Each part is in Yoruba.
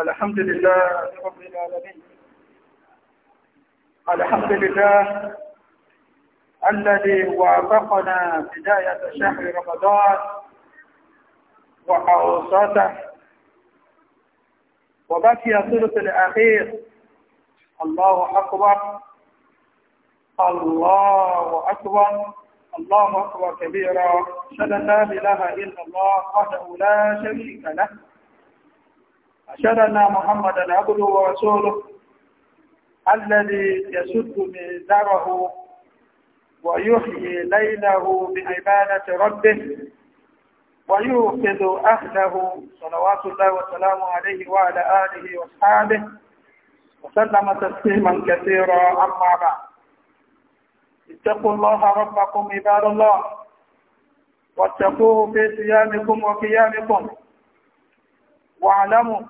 الحمد لله رب العالمين الحمد لله الذي وافقنا بداية شهر رمضان وحوصته وبكي الثلث الأخير الله أكبر الله أكبر الله أكبر كبيرا أشهد أن لا إله إلا الله وحده لا شريك له أشهد أن محمدا عبده ورسوله الذي يسد ميزره ويحيي ليله بعبادة ربه ويوقظ أهله صلوات الله وسلامه عليه وعلى آله وأصحابه وسلم تسليما كثيرا أما بعد اتقوا الله ربكم عباد الله واتقوه في صيامكم وقيامكم واعلموا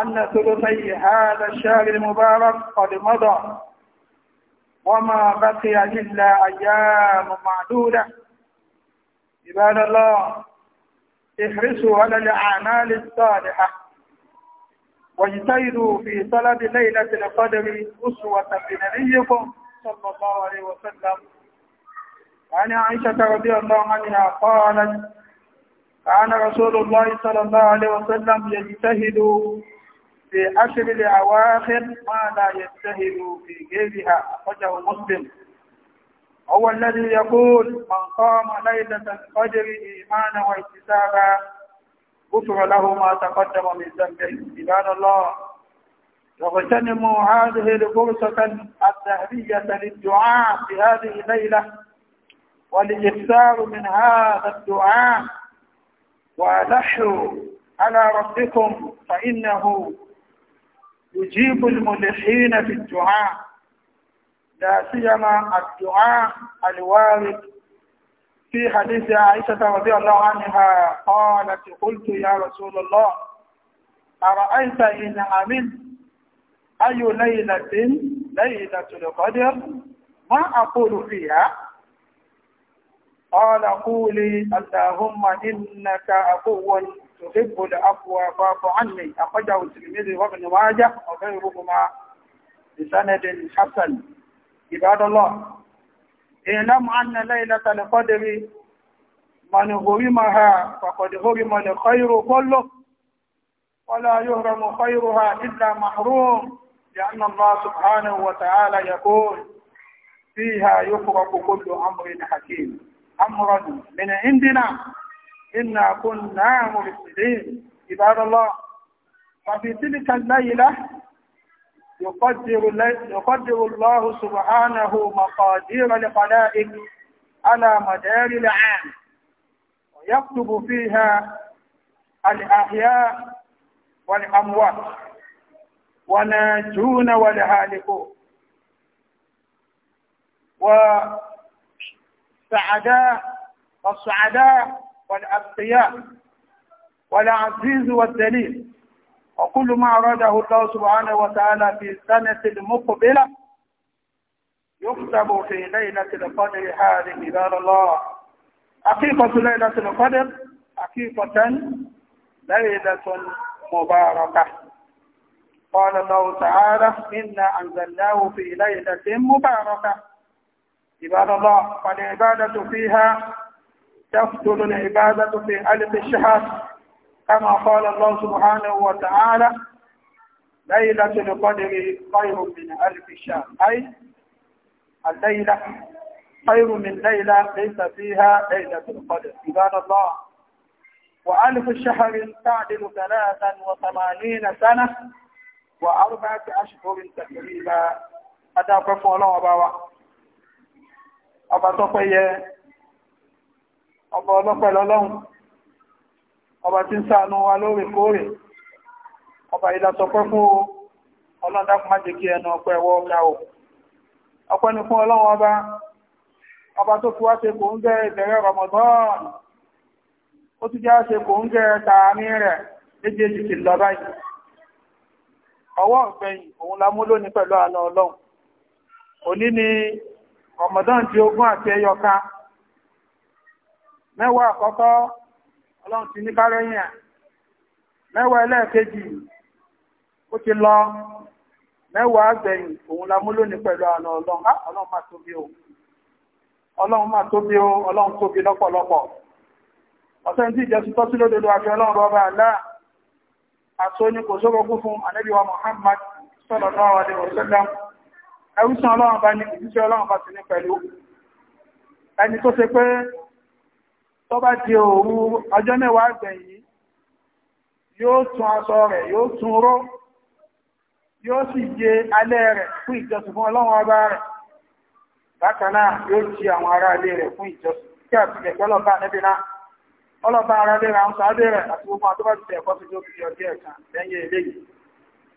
أن ثلثي هذا الشهر المبارك قد مضى وما بقي إلا أيام معدودة عباد الله احرصوا على الأعمال الصالحة واجتهدوا في صلاة ليلة القدر أسوة بنبيكم صلى الله عليه وسلم عن عائشة رضي الله عنها قالت كان رسول الله صلى الله عليه وسلم يجتهد في عشر الأواخر ما لا يجتهد في جيبها أخرجه مسلم هو الذي يقول من قام ليلة الفجر إيمانا واحتسابا غفر له ما تقدم من ذنبه عباد الله واغتنموا هذه الفرصة الذهبية للدعاء في هذه الليلة والإكثار من هذا الدعاء وألحوا على ربكم فإنه يجيب الملحين في الدعاء لا سيما الدعاء الوارد في حديث عائشة رضي الله عنها قالت قلت يا رسول الله أرأيت إن أمن أي ليلة ليلة القدر ما أقول فيها قال قولي اللهم إنك عفو تحب العفو فاعف عني أخرجه الترمذي وابن ماجه وغيرهما بسند حسن عباد الله اعلم أن ليلة القدر من غرمها فقد غرم الخير كله ولا يهرم خيرها إلا محروم لأن الله سبحانه وتعالى يقول فيها يفرق كل أمر حكيم أمرا من عندنا إنا كنا مرسلين عباد الله ففي تلك الليلة يقدر, يقدر الله سبحانه مقادير الخلائق على مدار العام ويكتب فيها الأحياء والأموات وناجون والهالكون وسعداء والسعداء والأبقياء والعزيز والدليل وكل ما أراده الله سبحانه وتعالى في السنة المقبلة يكتب في ليلة القدر هذه دار الله حقيقة ليلة القدر حقيقة ليلة مباركة قال الله تعالى إنا أنزلناه في ليلة مباركة عباد الله فالعبادة فيها تفضل العبادة في ألف الشهر كما قال الله سبحانه وتعالى ليلة القدر خير من ألف شهر أي الليلة خير من ليلة ليس فيها ليلة القدر عباد الله وألف الشهر تعدل ثلاثا وثمانين سنة وأربعة أشهر تقريبا هذا كفو الله أبا أبا تقيا ọba ọlọ́pẹ́ lọ́lọ́run ọba tí ń ṣàánú wa lóòrèkóòrè ọba ìlàsọpẹ́ fún ọlọ́dàkùn má jẹ́ kí ẹnu ọpẹ́ ẹwọ́ ọ̀gá o ọpẹ́ ni fún ọlọ́run ọba ọba tó fi wá ṣe kò ń gẹ́ ìbẹ̀rẹ̀ Ramadan ó ti já ṣe kò ń gẹ́ tààrin rẹ̀ méjèèjì ti lọ báyìí ọwọ́ ọ̀gbẹ̀yìn òun la mú lónìí pẹ̀lú àna ọlọ́run òní ni Ramadan di ogún àti ẹyọka mẹ́wàá àkọ́kọ́ ọlọ́run ti ní kárẹ́yìn mẹ́wàá ẹlẹ́ẹ̀kejì ó ti lọ mẹ́wàá àgbẹ̀yìn òun la mú lónìí pẹ̀lú àna ọlọ́run ọlọ́run máa tóbi o ọlọ́run máa tóbi o ọlọ́run tóbi lọ́pọ̀lọpọ̀ ọ̀sẹ̀ tí ìjẹ́ tutọ́ sí lódodo àti ọlọ́run rọba àlá àtò ní kò sókòkú fún ànábì wa Muhammad sallallahu alaihi wasallam ẹrúsàn ọlọ́run bá ní ìjíṣẹ́ ọlọ́run bá ti ní pẹ̀lú ẹni tó ṣe pé tó bá ti òru ọjọ́ mẹ́wàá gbẹ̀yìn yóò tún aṣọ rẹ̀ yóò tún ró yóò sì jẹ alẹ́ rẹ̀ fún ìjọsìn fún ọlọ́run ọba rẹ̀ bákanáà yóò jí àwọn ará ilé rẹ̀ fún ìjọsìn kí àtìlẹ̀ ara níbi náà ọlọ́bà àti ti ẹ̀kọ́ ọjọ́ ẹ̀kan lẹ́yìn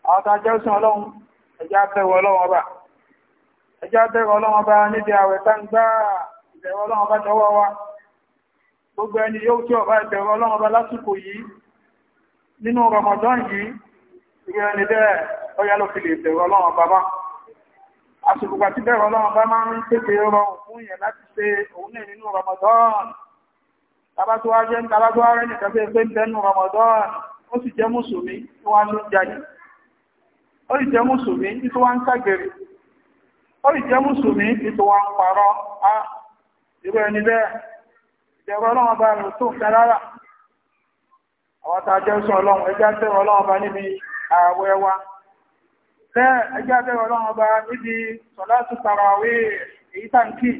àwọn ọlọ́run ẹjá ọlọ́run ọba ẹjá ọlọ́run ọba níbi ń ọlọ́run ọba tọwọ́ wa gbogbo ẹni yóò tí ọba ìbẹ̀rọ ọlọ́run bá lásìkò yìí nínú Ramadan yìí ìwé ẹni bẹ́ẹ̀ ọya ló fi lè bẹ̀rọ ọlọ́run bá bá àsìkò pàtí bẹ̀rọ ọlọ́run bá máa ń tètè rọrùn fún yẹn láti ṣe òun náà nínú Ramadan tabatuwájẹ́ tabatuwárẹ́ nìkan fẹ́ fẹ́ bẹ́nu Ramadan ó sì jẹ́ mùsùlùmí tó wá ló jayé ó sì ìbẹ̀rù ọlọ́run bá rìn tó nǹkan rárá àwọn tá a jẹ́ sọ ọlọ́run ẹjá bẹ̀rù ọlọ́run bá níbi ààwẹ̀ wa bẹ́ẹ̀ ẹjá bẹ̀rù ọlọ́run bá níbi sọ̀látù tàràwé èyí tàǹkì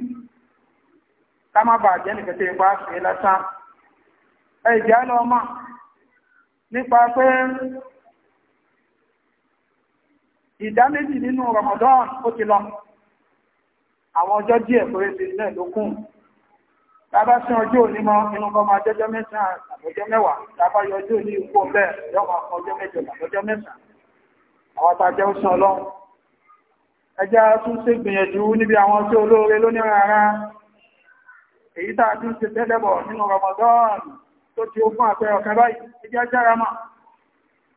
Ramadan ó ti lọ àwọn ọjọ́ díẹ̀ tàbá sí ọjọ́ òní mọ́ inú kọ́ máa jẹ́jọ́ mẹ́sàn-án àbọ̀jọ́ mẹ́wàá tàbá yọ ọjọ́ òní ikú ọbẹ̀ yọ́pàá kan ọjọ́ mẹ́jọ àbọ̀jọ́ mẹ́sàn-án àwọn tàjẹ́ ó sàn ọlọ́run ẹjá tún ṣe gbìyànjú níbi àwọn tí olóore lóní rárá èyí tàà tún ṣe tẹ́lẹ̀bọ̀ nínú Ramadan tó ti ó fún àpẹẹrẹ ọ̀kan báyìí ẹjá jára mà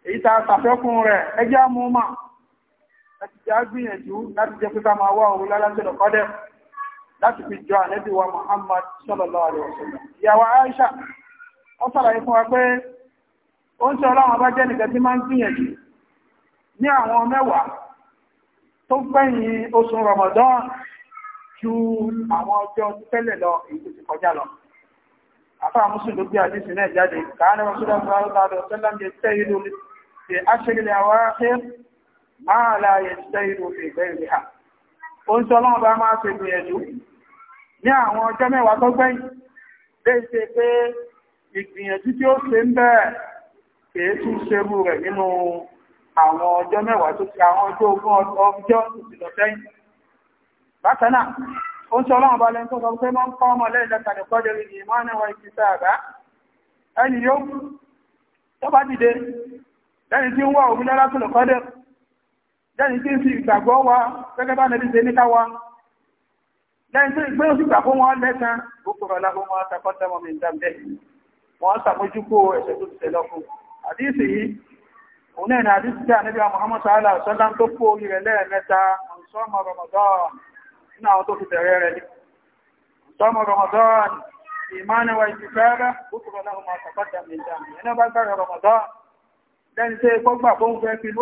èyí tàà tàfẹ́kùn rẹ̀ ẹjá mú mà láti jẹ́ gbìyànjú láti jẹ́ pípa máa wá òun lálásẹ̀lọ̀kọ́dẹ̀ láti fi jọ ànábì wa Muhammad sallallahu alaihi wasallam ìyàwó Aisha ó sàlàyé fún wa pé ó ń sọ ọlọ́run bá jẹ́ nìkan tí máa ń gbìyànjú ní àwọn mẹ́wàá tó gbẹ̀yìn oṣù Ramadan ju àwọn ọjọ́ tẹ́lẹ̀ lọ èyí tó ti kọjá lọ àfáà mùsùlùmí ló gbé àdísì náà jáde káàní rasulọ́ sallallahu alaihi wasallam tẹ́ ìlú fi aṣẹ́gilẹ̀ àwọn ahẹ́ máa láàyè tẹ́ ìlú fi ní àwọn ọjọ́ mẹ́wàá tó gbẹ̀yìn lè ṣe pé ìgbìyànjú tí ó ṣe ń bẹ́ẹ̀ kìí tún ṣerú rẹ̀ nínú àwọn ọjọ́ mẹ́wàá tó ti àwọn ọjọ́ ogún ọjọ́ ìsìnlọ sẹ́yìn ó ń sọ ọlọ́run bá lẹ́nu tó sọ pé mọ́ ń kọ́ lẹ́yìn tó ìgbé òsìgbà fún wọn lẹ́sàn gbókòrò aláhùnmọ́ àtàkọ́tàmọ́ mi dámbẹ́ wọ́n sàmójúkò ẹ̀ṣẹ̀ tó tẹ̀ lọ́kùn àdíṣì yìí òun náà ni àdíṣì tí àníbí Muhammad sàálà sọ́lá tó kó orí rẹ̀ lẹ́ẹ̀mẹ́ta ọ̀sọ́mọ̀ Ramadan nínú àwọn tó fi bẹ̀rẹ̀ rẹ̀ ni ọ̀sọ́mọ̀ Ramadan ìmánà wa ìfẹ́rẹ́ gbókòrò aláhùnmọ́ àtàkọ́tàmọ́ mi dámbẹ́ ẹni bá Ramadan lẹ́yìn tó ìgbọ́gbà fóun fẹ́ fi lú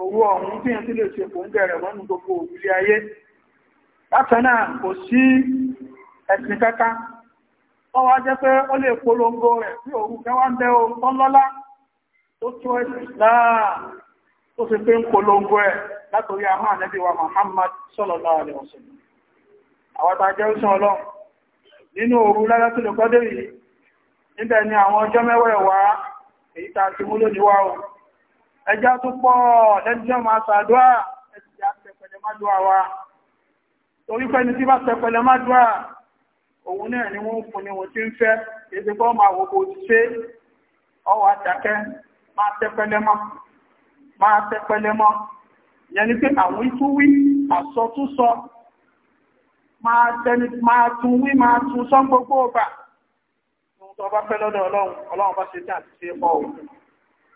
owó ọ̀hún tí yẹn tí lè ṣe kò ń gẹ̀rẹ̀ mọ́nú gbogbo òwúlé ayé látànáà kò sí ẹ̀sìn kẹta wọ́n wá jẹ́ pé ó lè polongo rẹ̀ sí òru kẹwàá ń bẹ ohun tán lọ́lá tó tó ẹ̀sìn pé ń polongo ẹ̀ látòrí àmọ́ ànẹ́bí wa Muhammad sallallahu alaihi wasallam àwọn tàjẹ́ òṣùn ọlọ́run nínú òru lára tó lè kọ́dé yìí níbẹ̀ ni àwọn ọjọ́ mẹ́wẹ̀ẹ̀wá èyí ta ti mú lónìí ẹjá tó pọ̀ lẹ́jọ́ máa sàdúà ẹjá tẹpẹlẹ má dúà wa torí pẹ́ni tí bá tẹpẹlẹ má dúà òun náà ni wọ́n fún ni wọ́n ti ń fẹ́ èdè pọ́ máa wò kò ṣe ọwọ́ àtàkẹ́ máa tẹpẹlẹ mọ́ máa tẹpẹlẹ mọ́ yẹn ni pé àwọn itú wí àsọtúnsọ máa tún wí máa tún sọ gbogbo ọba ohun tó bá fẹ́ lọ́dọ̀ ọlọ́run ọlọ́run bá ṣe tí àti ṣe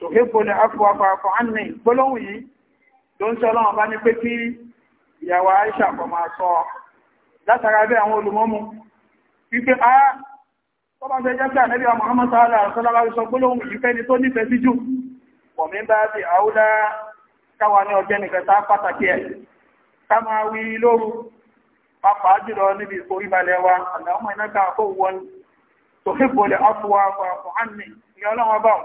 tòkébòlè afọ́wàpàpọ̀ ánì gbólóhùn yìí tó ń sọ́lọ́wọ́n bá ní pé kí ìyàwó Aisha kọ̀ máa látara bí àwọn olùmọ́mú wípé a tó bá fẹ́ jẹ́gbà nẹ́bí wa Muhammad sallallahu alaihi wasallam sọ gbólóhùn tó nífẹ̀ẹ́ sí jù pọ̀ ní ìyọ́lọ́wọ́ báwọn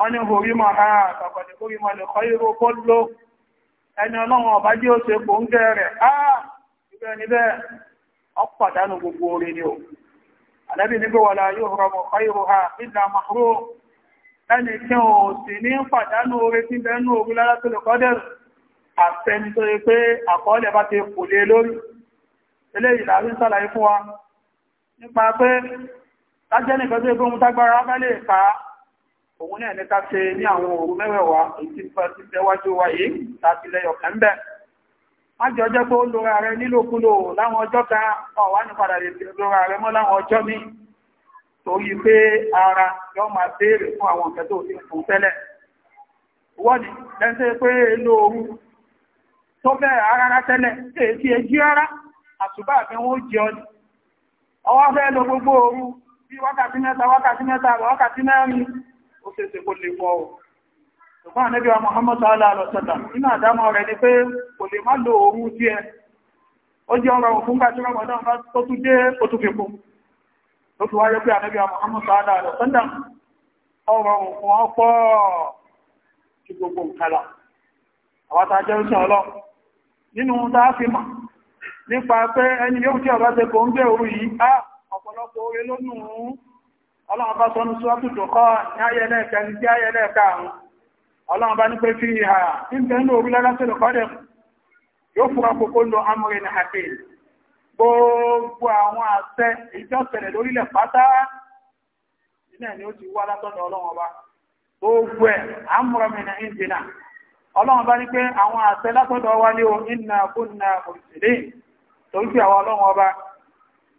wọ́n ní orí mọ̀ ha àtàkọ̀dé orí mọ̀ lè kọ́ irú kó ló ẹni ọlọ́run ọba jí ó ṣe kò ń gẹ́ rẹ̀ áà ibẹ̀ níbẹ̀ ọpàdánù gbogbo orí ni o àlẹ́bí nígbé wà láyé ọ̀rọ̀mọ̀ kọ́ irú ha ìdá màrú ẹni tí ó sì ní pàdánù orí tí bẹ́nu orí lára tó lè kọ́dẹ̀rù òun náà ní ká ṣe ní àwọn òru mẹ́wẹ̀wá èyí ti tẹ́wájú wa yìí láti lẹ́yọ̀ kẹ́ńbẹ̀ má jẹ́ ọjọ́ tó lóra rẹ nílòkúlò láwọn ọjọ́ kan ọ̀wá ní padà lè lóra rẹ mọ́ láwọn ọjọ́ míì pé ara yọ máa béèrè fún àwọn tó ti fún tẹ́lẹ̀ bí wákàtí mẹ́ta wákàtí mẹ́ta wákàtí ó ṣe ṣe kó lè fọ́ ọ̀ ṣùgbọ́n Muhammad sallallahu alaihi wasallam rẹ̀ ni pé kò lè má lo òru díẹ̀ ó jẹ́ ọ̀rọ̀ òfin gbà tí bá tó tún dé fi wáyé pé Muhammad gbogbo àwọn ọlọ́ nínú nípa pé ẹni yóò tí ṣe kò ń gbé òru yìí á ọlọ́run bá sọ ní sọ́tù tó kọ́ ní ayẹlẹ́ẹ̀kẹ́ ní ayẹlẹ́ẹ̀kẹ́ àrùn ọlọ́run ní pé fi ìhà níbẹ̀ ní orí lọ́lọ́sẹ̀lẹ̀ kọ́dẹ̀ yóò fura kókó lọ amúrin àti gbogbo àwọn àṣẹ ìjọsẹ̀lẹ̀ lórílẹ̀ pátá ilẹ̀ ni ó ti wá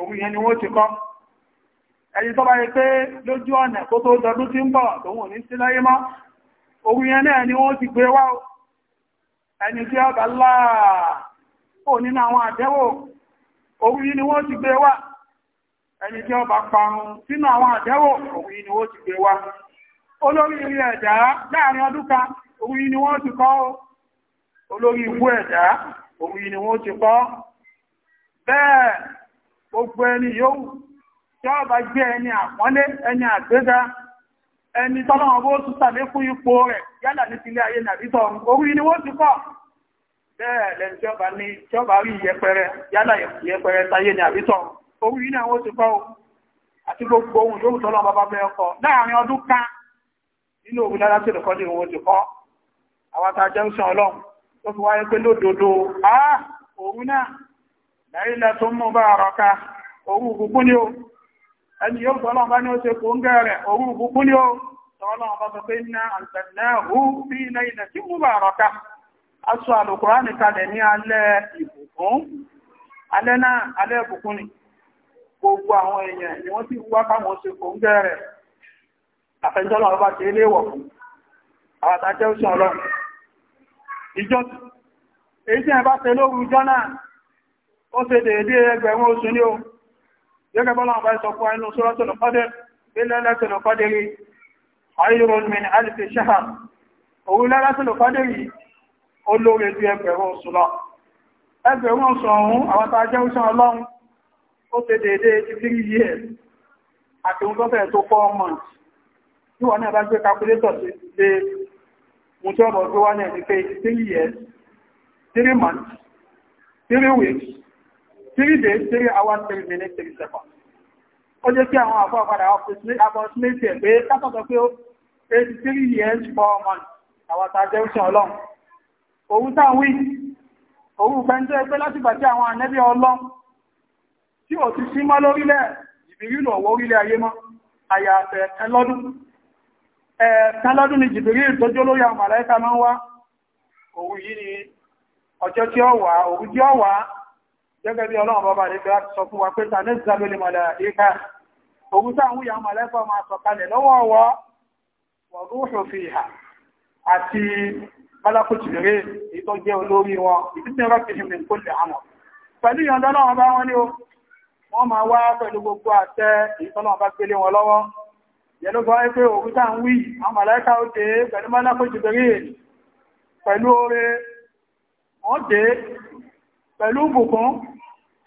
òun yẹn ni wọ́n ti kọ́ ẹni tó bá lójú ọ̀nà kó tó dọdún tí ń bọ̀ lòun ní sí láyé mọ́ òun yẹn náà ni wọ́n ti gbé wá ẹni tí ọ̀gá láà o wọ́n ti gbé wá wọ́n ti gbé wá olórí ìwú ẹ̀dá òun yìí ni wọ́n ti kọ́ bẹ́ẹ̀ gbogbo ẹni yóò tí ó bá gbé ẹni àpọ́nlé ẹni àgbéga ẹni tọ́lọ́wọ́n bó tún fún ipò rẹ̀ yálà ní sílé ayé nàbítọ̀ orí ni wọ́n ti kọ́ bẹ́ẹ̀ lẹ́ni tí ó bá ní tí ó bá rí yẹpẹrẹ yálà yẹpẹrẹ táyé orí ni àwọn ti kọ́ àti gbogbo ohun yóò e tó mú bá àrọ̀ká orú gbogbo ni o ẹni yóò tọ́lọ́n bá ní ó ṣe kò ń gẹ̀rẹ̀ orú ìbùkún ni ó tọ́lọ́n bá pé iná àgbẹ̀nà hù bí ilẹ̀ tí mú bá àrọ̀ká aṣọ àlùkùránì kalẹ̀ ní alẹ́ ìbùkún alẹ́ náà alẹ́ ìbùkún ni gbogbo àwọn èèyàn ni wọ́n wá káwọn ṣe kò ń ó ṣe déédé ẹgbẹ̀rún oṣù ní o gẹ́gẹ́ bọ́lá àbá ìsọ fún ẹnu suratul qadr ilẹ̀ lẹ́tọ̀lọ̀ qadri ayrun min alfi shahr òun lẹ́lẹ́tọ̀lọ̀ qadri olóore ju ẹgbẹ̀rún oṣù lọ ẹgbẹ̀rún oṣù ọ̀hún àwọn tá years àti ohun tó fẹ́ tó four months tí wọ́n náà bá gbé calculator mo tí ọ̀rọ̀ gbé wá ní ẹni pé three years three months three weeks three days three hours three minutes three seconds ó jẹ́ kí àwọn àfọ́ àpadà approximate ẹ̀ pé kápọ̀tọ̀ pé ó 83 years four months àwọn tàjẹ́ òṣìn ọlọ́run òun tàn wí òun pẹ́ntẹ́ ẹgbẹ́ láti bàtí àwọn ànẹ́bí ọlọ́run tí ò ti sí mọ́ lórílẹ̀ jìbìrìlù ọ̀wọ́ orílẹ̀ ayé mọ́ àyàfẹ́ ẹlọ́dún ẹ̀ẹ̀kẹ́lọ́dún ni jìbìrìlù tó jó lórí àwọn màláíkà máa ń wá òun yìí ni ọjọ́ tí ó wà òun tí ó wà gẹ́gẹ́ bí ọlọ́run bọ́bá rẹ̀ fẹ́ sọ fún wa pé ta ní ìzàbẹ̀lẹ̀ màláíkà òun táwọn ìyá màláíkà máa sọ̀kalẹ̀ lọ́wọ́ ọwọ́ wọ̀rúhù fi ìhà àti bálákùtìrẹ́ ìtọ́ jẹ́ olórí wọn ìpínlẹ̀ rọ́pìnrin kò lè àmọ̀ pẹ̀lú ìyọ̀ndọ́lọ́run bá wọn ní o wọ́n máa wá pẹ̀lú gbogbo àtẹ ìtọ́lọ́run bá gbélé wọn lọ́wọ́ yẹ̀lú bọ́ pé òun tá ń wí pẹ̀lú bùkún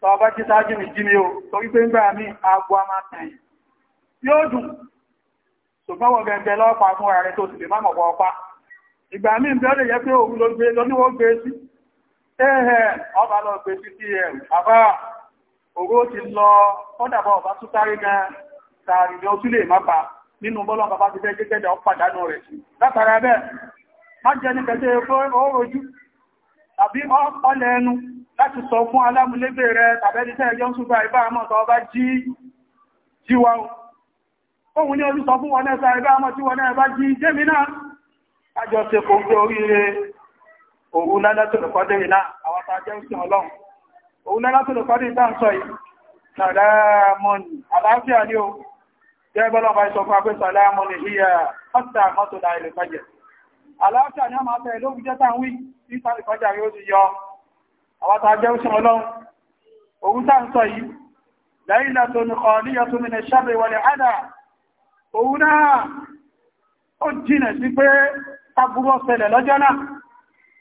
tọ bá jí sáájú mi jí mi o tó wípé ń a máa tẹ̀yìn yóò dùn ṣùgbọ́n gẹ̀ẹ́gẹ́ lọ́pàá fún ara rẹ̀ tó sì lè má ọpá ìgbà mí bẹ́ẹ̀ lè yẹ pé òun ló gbé lọ́níwó gbé sí ọba lọ gbé sí sí ẹ̀ ti lọ ọba sáré gan ni ó lè má nínú bàbá ti fẹ́ ọpàdánù rẹ̀ látara tàbí láti sọ fún alámúlégbè rẹ tàbẹ́ni tẹ́ ẹjọ́ ń súgbà ìbá àmọ́ tọ́ bá jí jíwa o òun ní orí sọ fún wọn ẹ́sà ìbá àmọ́ tí wọn ẹ́bá jí jẹ́mi náà àjọ ṣe kò gbé oríire òun lálátòlùkọ́dé náà àwọn tàjẹ́ ń sin ọlọ́run òun lálátòlùkọ́dé ìtàǹsọ yìí sàlámọ́nì àlàáfíà ní o jẹ́bọ́lọ́ bá ìṣọ́kọ́ àpé sàlámọ́nì híyà ọ́tà mọ́tò láìlè fàjẹ̀ àlàáfíà ní ọmọ afẹ́ lóògùn jẹ́ta wí ní sàlìfàjà yóò ti yọ àwọn tàà jẹ́ òṣìṣẹ́ ọlọ́run òun tàà ń sọ yìí lẹ́yìn látò ní kọ̀ọ̀líyà tó mìnà ṣàbẹ̀ wọlé àdà òun náà ó jìnà sí pé tàbúrú ọ̀sẹ̀lẹ̀ lọ́jọ́ náà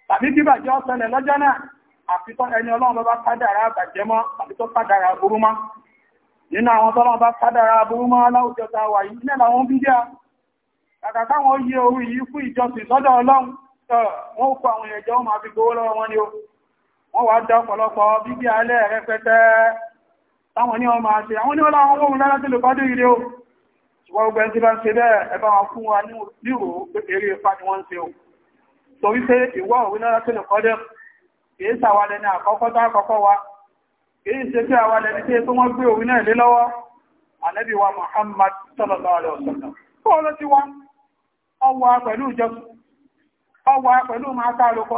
tàbí kí bàjẹ́ ọ̀sẹ̀lẹ̀ lọ́jọ́ náà àfitọ́ ẹni ọlọ́run bá kádàrà bàjẹ́ mọ́ tàbí tó kádàrà burú mọ́ nínú àwọn tọ́lọ́run bá kádàrà burú mọ́ ta wà yìí nílẹ̀ àwọn bídíà kàkà káwọn yí orí yìí fún ìjọsìn sọ́dọ̀ ọlọ́run wọ́n kọ wọ́n wà dá ọ̀pọ̀lọpọ̀ bíbí alẹ́ rẹpẹtẹ́ táwọn ní ọmọ ṣe àwọn ní àwọn ohun lára tí lè o ṣùgbọ́n gbogbo ẹni tí bá ń ṣe bẹ́ẹ̀ ẹbá wọn fún wa ipa ni wọ́n ń o so wípé ìwọ́ lára tí lè kìí ní àkọ́kọ́ tó àkọ́kọ́ wa kìí ṣe àwalẹ̀ ní wọ́n gbé náà wa Muhammad ti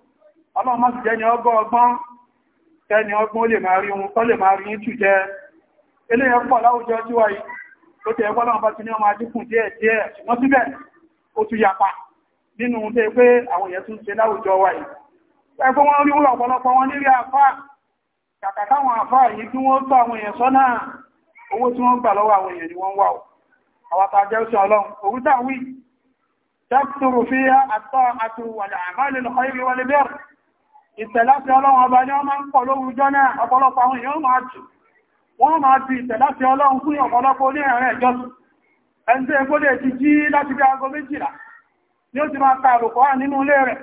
ọlọ́mọ sì jẹ́ ni ọgbọ́n ọgbọ́n tẹ́ni ọgbọ́n lè máa rí ohun tó lè máa rí ní tù jẹ́ eléyẹ pọ̀ láwùjọ tí wáyé tó tẹ́ ẹgbọ́n náà bá ti ní ọmọ adínkùn díẹ̀ díẹ̀ ṣùgbọ́n síbẹ̀ ó tún yapa nínú ohun tẹ́ pé àwọn èèyàn tún ṣe láwùjọ wáyé ẹgbẹ́ wọn rí wúlọ̀ ọ̀pọ̀lọpọ̀ wọn nílé àfá kàkà táwọn àfá yìí kí wọ́n tó àwọn èèyàn sọ́nà owó tí wọ́n gbà lọ́wọ́ àwọn èèyàn ni wọ́n wà ó àwọn àtàjẹ́ òṣì ọlọ́run òwúta wí tẹ́kùtùrù fi àtọ́ àtúwàlẹ̀ àmọ́ ìlú ọ̀họ́ ìrìwọlẹ̀ bẹ́ẹ̀rẹ̀ ìtẹ̀láti ọlọ́run ọba ní ọmọ ń pọ̀ lóhun jọ náà ọ̀pọ̀lọpọ̀ àwọn èèyàn máa jù wọ́n máa ti ìtẹ̀láti ọlọ́run fún ọ̀pọ̀lọpọ̀ ní ẹ̀rẹ́ ẹni tí egbó lè ti jí láti bí aago méjìlá ni ó ti máa ta wà nínú ilé rẹ̀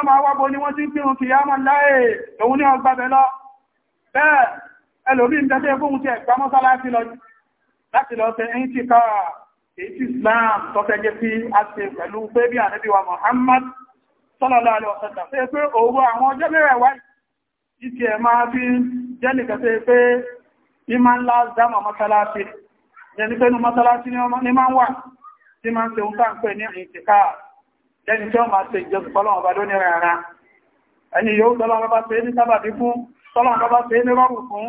ọmọ awábo ni wọ́n ti ń pírun kìí ámọ́ láyé òun ní ọgbà bẹ̀ lọ bẹ́ẹ̀ ẹlòmí ń tẹ́tẹ́ lọ bí sallallahu alaihi wasallam fẹ́ pé òru àwọn ọjọ́ mẹ́rẹ̀ wáyé ìkẹ́ máa bí jẹ́nìkẹ́ fẹ́ pé ìmá ńlá dámà mọ́sálásí jẹni pẹ́nu mọ́sálásí ní máa ń wà tí máa ń ṣe oúnjẹ ń pè ní ìtìká jẹni tí ó máa ṣe ìjọsìn fọ́lọ́wọ́n bá lóní rẹ̀ra ẹni yóò tọ́lọ́wọ́n bá ṣe ní sábàbí fún tọ́lọ́wọ́n bá ṣe ní rọrùn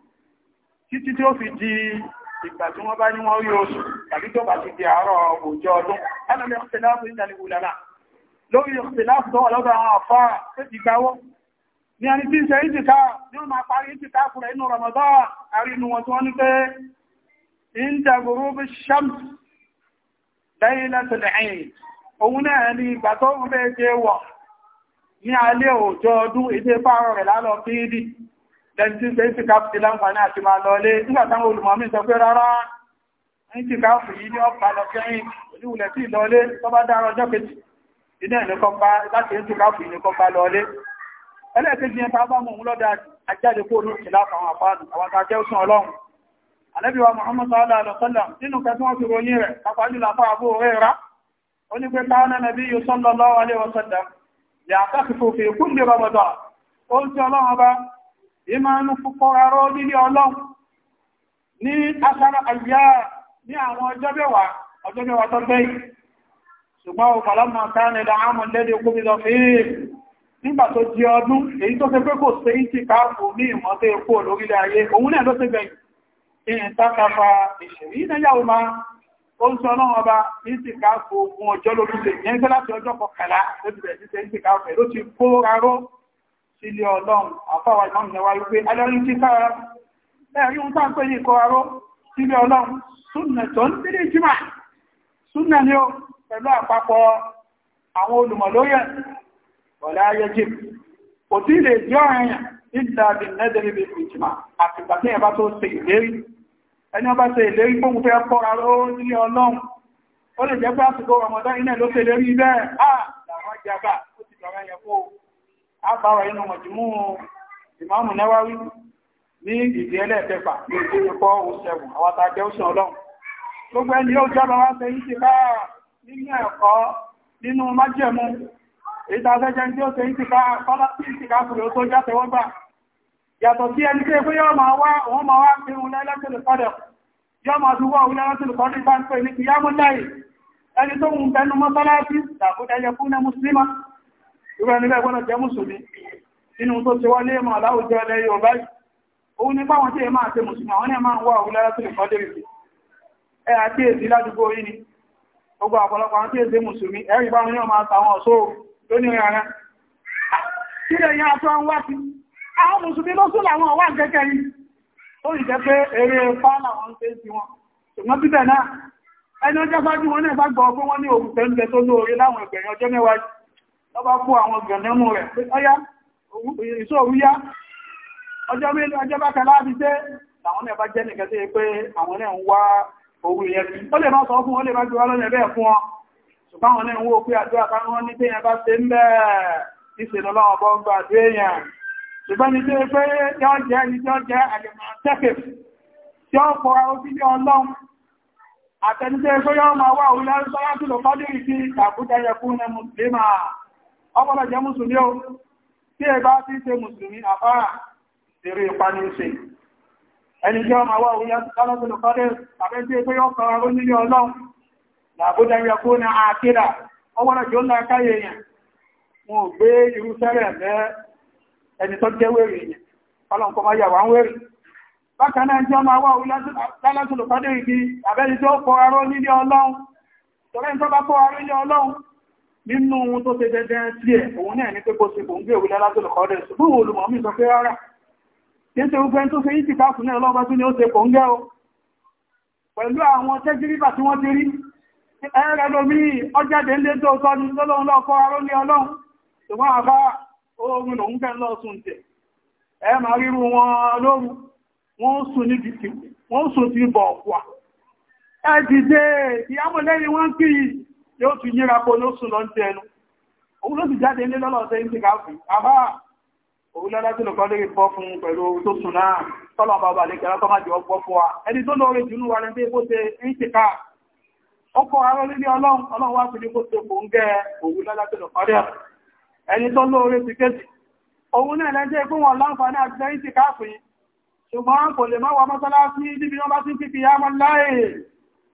títí tí ó fi di ìgbà tí wọ́n bá ní wọ́n rí oṣù tàbí tó bá ti di àárọ̀ òjò ọdún ẹnàlẹ́ ọ̀sẹ̀láàfù ìdánilù lára lórí ọ̀sẹ̀láàfù tó wà lọ́dọ̀ àwọn àfáà tó ti gbáwó ní ẹni tí ń ṣe ìtìká ní ó máa parí ìtìká fún inú Ramadan àrínú wọn tó wọ́n ní pé inda ghurubi shams laylatul eid òun náà ní ìgbà tó ń bẹ́ẹ̀ jẹ́ wọ̀ ní alẹ́ òjò ọdún ìdẹ́fà rẹ̀ lálọ́ fídì ẹni tí ṣe ń ti káàpù ti láǹfààní àti máa lọ lé nígbà táwọn olùmọ̀mí sọ pé rárá ń ti káàpù yìí ní ọ̀pá lọ kẹ́yìn oníwùlẹ̀ sí ìlọlé tó bá dára ọjọ́ kejì iná ẹ̀ nìkan bá láti ń ti káàpù yìí nìkan bá lọlé ẹlẹ́ẹ̀kejì yẹn bá bá mọ̀ ń lọ́dà ajáde kó olú ìlà àwọn àfáànù àwọn àtàjẹ́ òsùn ọlọ́run ànábìwa Muhammad sallallahu alaihi wasallam nínú kẹsàn án ti ròyìn rẹ̀ pápá jùlọ afọ àbú òwe ra ó ní pé káwọn nàbí sallallahu alaihi wasallam yà àtàkùn fòfin kúndé rọmọdọ ó ń tí ọlọ́run bá ìmọ̀nù púpọ̀ rárọ́ nílé ọlọ́run ní asára àyà ní àwọn ọjọ́ mẹ́wàá ọjọ́ mẹ́wàá tó gbé ṣùgbọ́n o pàlọ́mà káàrẹ̀dà ámù lẹ́dẹ̀ kúmìlọ fèèrè nígbà tó di ọdún èyí tó fẹ́ pé kò sí ìtì káàkù ní ìmọ̀tẹ́ epo lórílẹ̀ ayé òun náà ló ti gbẹ̀yìn ìyìn takafa ìṣèrí ìdáyàwó máa ó ń sọ náà ọba ìtì káàkù ogun ọjọ́ lórílẹ̀ yẹn tẹ́ láti ọjọ́ kọkànlá ló ti bẹ̀ẹ̀ sílé ọlọ́run àfáwà ìmọ̀mìnàwà wípé alẹ́rí tí sára lẹ́rí ń tàn pé ní ikọ̀ aró sílé ọlọ́run súnà tó ń tẹ́lẹ̀ jímà súnà ni ó pẹ̀lú àpapọ̀ àwọn olùmọ̀lóyè wọ̀lá ayẹjì kò tí lè jẹ́ ọ̀rẹ́yàn nígbà bí nẹ́dẹ̀rẹ́ bí ìjìmà àtìgbà tí ẹ̀bá tó ṣe ìlérí ẹni ọba ṣe ìlérí pé òun fẹ́ kọ́ra ló nílé ọlọ́run ó lè jẹ́ pé àsìkò ọmọdé iná ló ṣe ìlérí bẹ́ẹ̀ á ah, làwọn jẹ́ bá ó ti dọ̀rẹ́ yẹn fún àpàwà inú mọ̀jùmú ìmáàmù Nawawi ní ìdí ẹlẹ́ẹ̀kẹfà ní ìdíje fọ́ òṣèwù àwátà jẹ́wùsàn ọlọ́run gbogbo ẹni yóò jábọ̀ wá sẹ́yí ti bá nínú ẹ̀kọ́ nínú májẹ̀mú ìtàṣẹ́jẹ́ tí ó sẹ́yí ti bá kọ́lá sí ìtìká fúrò tó jásẹ̀wọ́gbà yàtọ̀ sí ẹni tí ẹgbẹ́ yọ́ máa wá òun máa wá pé òun lẹ́lẹ́tẹ̀lẹ̀ kọ́dẹ̀ yọ́ máa dúwọ́ òun lẹ́lẹ́tẹ̀lẹ̀ kọ́dẹ̀ bá ń pè ní kìyàmú láì ẹni tó ń bẹnu mọ́sálásí tàbí ẹyẹ fún ní mùsùlùmá ìrọ̀ nílẹ̀ gbọ́nà jẹ́ mùsùlùmí nínú tó ti wọlé mọ̀ láwùjọ ilẹ̀ Yorùbá òun ní báwọn tí ẹ máa ṣe mùsùlùmí àwọn náà máa ń wá òun lára tó lè kọ́ dérìsì ẹ àti èsì ládùúgbò yìí ni gbogbo ọ̀pọ̀lọpọ̀ àwọn tí èsì mùsùlùmí ẹ̀rí bá wọn yóò máa tàwọn ọ̀ṣọ́ tó ní ara kí lè yá tó ń wá sí àwọn mùsùlùmí ló sún làwọn ọ̀wá kẹ́kẹ́ yìí tó ì jẹ́ pé eré pa làwọn ń sí wọn ṣùgbọ́n lọ́bá kó àwọn gẹ̀lẹ́mù rẹ̀ pé ọyá ìṣò òwúyá ọjọ́ mẹ́lú ọjọ́ bá kẹ láti tẹ́ àwọn ẹ̀bá jẹ́ nìkan tí pé àwọn ẹ̀ ń wá owó yẹn bí ó lè máa sọ fún ó lè máa jù wá lọ́nà ẹ̀bẹ́ fún ọ ṣùgbọ́n àwọn ẹ̀ ń wó pé àdúrà kan wọ́n ní téèyàn bá ọgbọ́dọ̀ jẹ́ mùsùlùmí o tí ẹ bá ti ṣe mùsùlùmí àfáà eré ìpani ṣe ẹni jẹ́ ọmọ àwọn òun yàtọ̀ tálọ́gbọ̀lù kọ́dẹ̀ tàbí pé yọ́ kan aró nílé ọlọ́run làbúdá yẹ kó ní àkídà ọgbọ́dọ̀ jẹ́ ó ńlá káyé yẹn wọn ò gbé irúfẹ́ rẹ̀ lẹ́ ẹni tó jẹ́ wèrè yẹn ọlọ́run kọ́ máa yà wá ń wèrè bákan náà jẹ́ ọmọ àwọn òun tálọ́gbọ̀lù kọ́dẹ̀ ìdí àbẹ́ni tó kọ aró ọlọ́run nínú ohun tó ṣe dẹ́dẹ́ sí ẹ̀ òun náà ní pé kó sí gbòǹgbé òwúlẹ́ látòlù kọ́dẹ̀ ṣùgbọ́n olùmọ̀mí sọ pé rárá tí ṣe gbogbo ẹni tó ṣe ìtì káàkùn náà lọ́gbà tún ni ó ṣe gbòǹgbé o pẹ̀lú àwọn tẹ́jìrìbà tí wọ́n ti rí ẹ̀rẹ́ lómi ọjáde ilé tó sọ ní lọ́lọ́run yóò tún yíra kó ló sùn lọ ń tẹ ẹnu òun ló sì jáde ilé lọ́lọ́ ṣe ń ti ká fún àbá òun lọ́lá tí lọ́kọ́ lórí bọ́ fún pẹ̀lú tó sùn náà tọ́lọ̀ bàbá lè kẹ́lá tọ́mà jọ bọ́ fún wa ẹni tó lóore jù wà lẹ́gbẹ́ bó ṣe ń ti ká ọkọ̀ ara lílé ọlọ́run ọlọ́run wá fi ní bó ṣe kò ń gẹ́ òun lọ́lá tí lọ́kọ́ rẹ̀ ẹni tó lóore ti kéjì òun náà lẹ́jẹ́ pé wọn láǹfààní àti lẹ́yìn ti ká fún ṣùgbọ́n kò lè má wa mọ́sálásí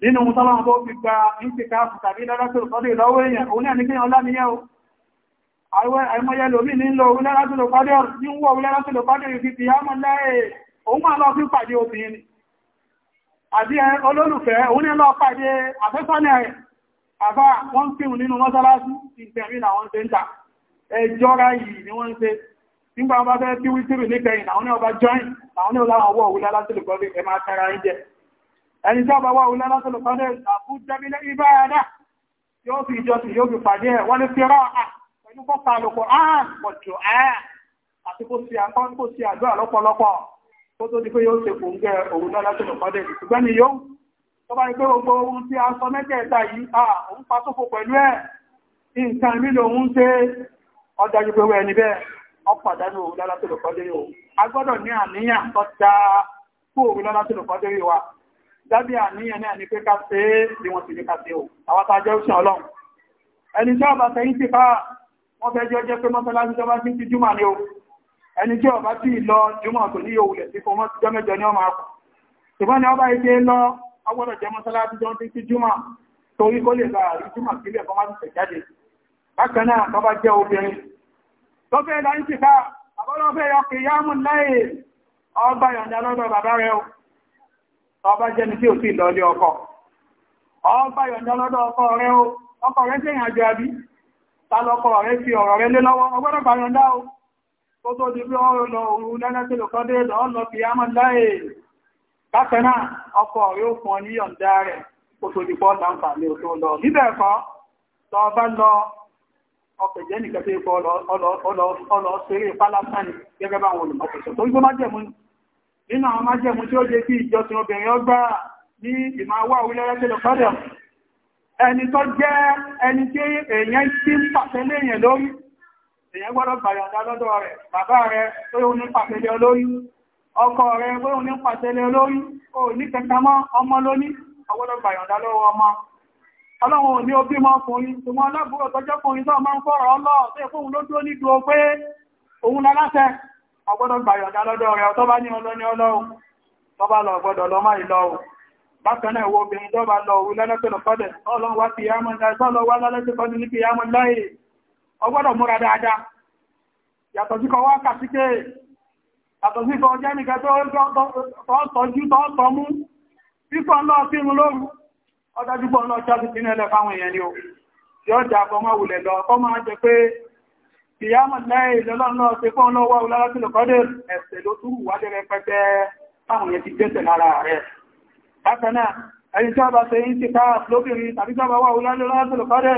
nínú tọ́lọ́wọ́ bó fi gba ìtìkáàfù tàbí lọ́rọ́tòrò kọ́dé lọ́wọ́ èèyàn òun náà ní kí ọlá ní yẹ́ o àìmọ́yẹ́ lómi ní lọ lọ́rọ́tòrò kọ́dé ní wọ́ lọ́rọ́tòrò kọ́dé fi fi yá mọ́ láàrẹ̀ òun máa lọ fi pàdé obìnrin àbí olólùfẹ́ òun ní lọ pàdé àfẹ́sọ́nà rẹ̀ àbá wọ́n fi hùn nínú mọ́sálásí ìgbẹ̀rin àwọn ṣe ń ta bá fẹ́ bí wítìrì nígbẹ̀yìn ní ọba àwọn ní ọlá àwọn ọwọ́ òun lálásìlùkọ́ bí ẹ máa tara ń jẹ ẹni sábà wà wọlé látọ̀lù pàdé àbújẹ́bílẹ̀ ìbáyàdá yóò fi ìjọsìn yóò fi pàdé ẹ̀ wọ́n fi rá à pẹ̀lú pọ́pà àpọ̀jù ẹ̀ àti kó sí kó sí tó di pé yóò òun yóò tó bá ní pé gbogbo ohun tí a sọ mẹ́tẹ̀ẹ̀ta yìí à òun pa tó pẹ̀lú ẹ̀ nǹkan lílo òun ṣe ọjà ju pẹ̀lú ẹni bẹ́ẹ̀ òun a dábí àníyàn náà ni pé ká ṣe é bí wọ́n ti ní ká ṣe ò àwọn tàjẹ́ òṣìṣẹ́ ọlọ́run ẹni tí ọba tẹ́yìn ti fa wọ́n fẹ́ jọ jẹ́ pé mọ́sálásí jọba sí ti júmà ni o ẹni tí ọba tí lọ júmà tó ní yòó lẹ̀ sí fún mọ́sí jọ mẹ́jọ ní ọmọ akọ ṣùgbọ́n ni ọba ike lọ agbọ́dọ̀ jẹ́ mọ́sálásí jọ ti júmà torí kó lè bá àrí júmà sílẹ̀ kọ́ máa ti tẹ̀ jáde bákan náà tó bá jẹ́ obìnrin tó fẹ́ lọ ń ti fa àbọ́lọ́ fẹ́ yọ kìyàmù láì ọba yọ̀ǹda lọ́dọ̀ bàbá rẹ̀ o ọba jẹ́ni tí ò sí ìlọlé ọkọ ọba yọ̀ndọ́ lọ́dọ̀ ọkọ rẹ o ọkọ rẹ sí ìrìnàjò àbí tálọ́kọ rẹ fi ọ̀rọ̀ rẹ lé lọ́wọ́ ọgbọ́dọ̀ gbà yọ̀ndá o tó tó di bí ọ̀rọ̀ lọ òru lẹ́lẹ́sẹ̀lọ́kọ́dé lọ́ọ̀lọ́ fi á mọ́ láyé bákan náà ọkọ rẹ ó fún ọ ní yọ̀ndá rẹ̀ kó tó di pọ́ láǹfààní tó lọ níbẹ̀ ẹ̀kọ́ lọ bá lọ ọkọ̀ ìjẹ́ nìkan tó yẹ kọ́ ọlọ́ ṣeré pálásán gẹ́gẹ́ bá àwọn olùmọ̀tẹ̀sọ̀ tó ń gbọ́ májẹ̀mú nínú àwọn májẹ̀mú tí ó jẹ́ kí ìjọsìn obìnrin ọgbà ní wà orílẹ̀-èdè tẹ́lẹ̀kọ́dẹ̀ ẹni tó jẹ́ ẹni tí èyàn tí ń pàtẹ́lé èèyàn lórí èyàn gbọ́dọ̀ gbàyànjá lọ́dọ̀ rẹ̀ bàbá rẹ̀ tó ọkọ rẹ̀ ní pàtẹ́lé ní ọmọ ọmọ ọlọ́run ò ní obí mọ́ tó máa ń fọ́rọ̀ ọlọ́ọ̀ tó ọgbọ́dọ̀ gbàyọ̀dá lọ́dọ̀ rẹ̀ tó bá ní ọlọ́ni ọlọ́run tó bá lọ ọgbọ́dọ̀ lọ́mà ìlọ́run bákan náà wo obìnrin tó bá lọ òwú lẹ́lẹ́pẹ̀lọ̀ fọ́dẹ̀ ọlọ́run wá kìyàmọ̀ láì ọgbọ́dọ̀ múra dáadáa yàtọ̀ sí kọ wá kàtíké yàtọ̀ sí kọ jẹ́ nìkan tó tọ́jú tọ́ mú pípọ̀ náà sí inú lóru ọdájúgbọ́ náà jáde sínú ẹlẹ́fàwọn èèyàn ni ó yọ́ jà kọ máa wùlẹ̀ lọ kọ máa jẹ pé ìyámọ̀ lẹ́yìn ìlọ́lọ́lọ́ ti fún ọlọ́wọ́ olára tí lọ́kọ́dẹ̀ ẹ̀sẹ̀ ló túrù wá jẹ́rẹ pẹ́tẹ́ táwọn yẹn ti gbẹ́sẹ̀ lára rẹ̀. bákaná ẹni tí a bá ṣe ń ti káà lóbìnrin tàbí tí a bá wà olára tí lọ́kọ́dẹ̀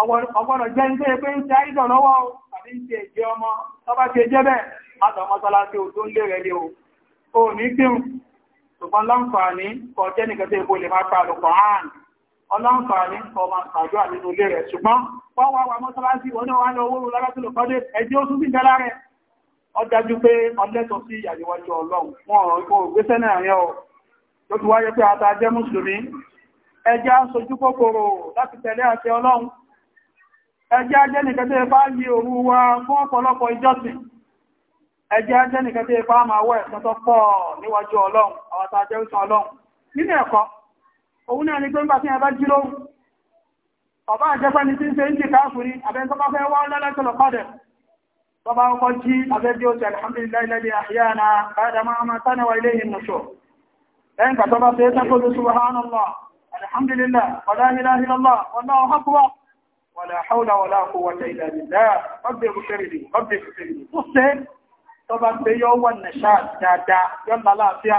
ọgbọ́dọ̀ jẹ́ ń gbé pé ń ti àìdọ̀ lọ́wọ́ tàbí ń ti ẹ̀jẹ́ ọmọ tó bá ti jẹ́ bẹ́ẹ̀ látọ̀ mọ́sálásí ò tó ń lé rẹ̀ lé o ò ní kírun ṣùgbọ́n láǹfààní kọjẹ́ nìkan tí èpo lè máa ọlọ́nfààní nǹkan ọmọ àjọ àmínú ilé rẹ̀ ṣùgbọ́n wọ́n wá wà mọ́sálásí wọ́n náà wá ní owó rú lágbàtúlò kọ́dé ẹjẹ́ ó tún sí ìjẹ́lá rẹ̀ ó dájú pé ọlẹ́tọ̀ sí àyíwájú ọlọ́run wọn ò o ló ti wáyé pé ata jẹ́ mùsùlùmí ẹjẹ́ aṣojú kòkòrò láti tẹ̀lé àṣẹ ọlọ́run ẹjẹ́ ajẹ́ nìkan tó bá yí òru wa fún ọ̀pọ̀lọpọ̀ ìjọsìn ẹjẹ́ ajẹ́ nìkan tó bá máa wọ ẹ̀san pọ̀ níwájú ọlọ́run àwọn ata jẹ́ ọlọ́run nínú ẹ̀kọ́ òun náà ni pé ń bá fi ẹbá jí lóhun ọba àjẹ́fẹ́ ni tí ń ṣe ń jì káàkiri àbẹ́ntọ́pá fẹ́ wá lálẹ́tọ̀lọ̀ padẹ̀ tọba ọkọ̀ jí àbẹ́bí ó ti alhamdulillah alladhi ahyana ba'dama amatana wa ilayhi an-nushur ẹn ka tọba fẹ́ tẹ́kọ̀lù subhanallah alhamdulillah wa la ilaha illallah wallahu akbar wa la hawla ṣe tọba fẹ́ yọ wà dáadáa yọ lálàáfíà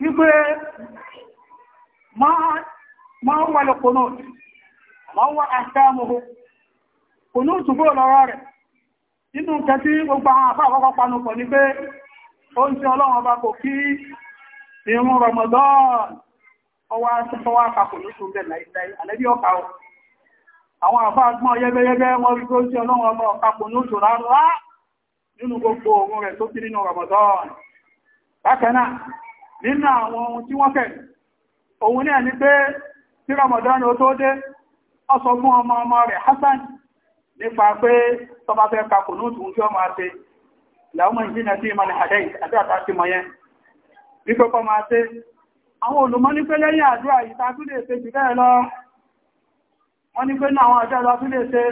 wípé máa wà lọ kò náà máa wà àṣàmùhù kò ní òtùgbò lọ́rọ̀ rẹ̀ nínú kẹtí gbogbo àwọn àfá àkọ́kọ́ panupọ̀ ní pé ó ń tí ọlọ́run ọba kò kí ìrun Ramadan ọwá sọ́wọ́ àpapò ló tún bẹ̀ láìsí àlẹ́bí ọ̀pá ọ àwọn àfá àgbọ́n yẹ́bẹ́yẹ́bẹ́ wọ́n rí tó Ramadan bákan náà nínú àwọn ohun tí wọ́n kẹ̀ òun náà ni pé tí Ramadan ó tó dé ọsọ mú ọmọ ọmọ rẹ̀ Hassan nípa pé tọba fẹ́ kakò ní òtún tí ọmọ àti làwọn ìjìnà sí ìmọ̀ ní àdẹ́ àti àtàkì mọ̀ yẹn wípé kọ́ máa ṣe àwọn olùmọ́ ní pé lẹ́yìn àdúrà ìtàkùn lè ṣe jù bẹ́ẹ̀ lọ wọ́n ní pé ní àwọn àjọ ìlọ tún lè ṣe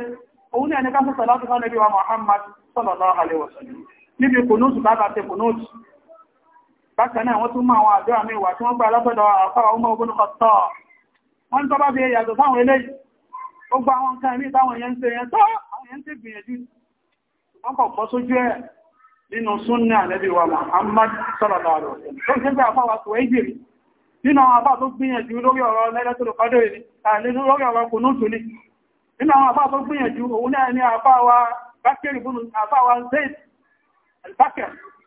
òun ní ẹni ká sọ́sọ̀ láti fọ́nà bí wa Muhammad sallallahu alaihi wasallam níbi kùnúùtù lábàtẹ̀ kùnúùtù bákan na wọ́n tún mọ́ àwọn àdúrà mẹ́wàá tí wọ́n gbà lọ́gbọ́dọ̀ àfáà ọmọ ogun kọ̀tọ̀ wọ́n tó bá i. yàtọ̀ sáwọn eléyìí ó gba àwọn nǹkan ìmí táwọn èèyàn ń yẹn tó àwọn èèyàn gbìyànjú wọ́n kọ̀ bọ́ sójú ẹ̀ nínú súnnà wa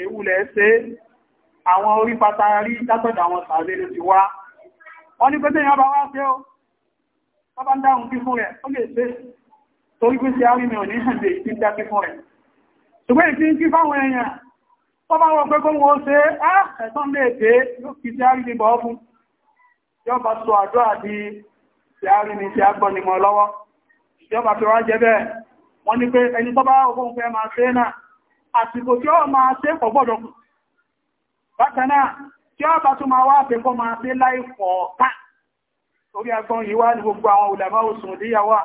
èwúlẹ̀ ṣe àwọn orí pátá rí látọ̀dọ̀ àwọn sàárè ló ti wá wọ́n ní pẹ́tẹ́ ìyàn bá wá ṣe ó bá ń dáhùn kí fún rẹ̀ ó lè ṣe torí pé ṣe àrí mi ò ní ṣẹ̀lẹ̀ ìpín dá kí fún rẹ̀ ṣùgbọ́n ìpín kí fáwọn èèyàn tó bá wọ́n pé kó wọ́n ṣe á ẹ̀sán lè dé yóò kí ṣe àrí mi bọ̀ fún yọba sọ àjọ àti ṣe àrí mi ṣe agbọ́nimọ̀ lọ́wọ́ yọba fi wá jẹ bẹ́ẹ̀ wọ́n ní pé ẹni tó bá fẹ́ máa ṣe náà àsìkò tí ó máa ṣe pọ̀ gbọ́dọ̀ bákan náà tí ó bá tún máa wá àpẹ́kọ́ máa ṣe láìfọ̀ọ́ká orí agbọ́n yìí wá ní gbogbo àwọn olàmá òsùn díyàwó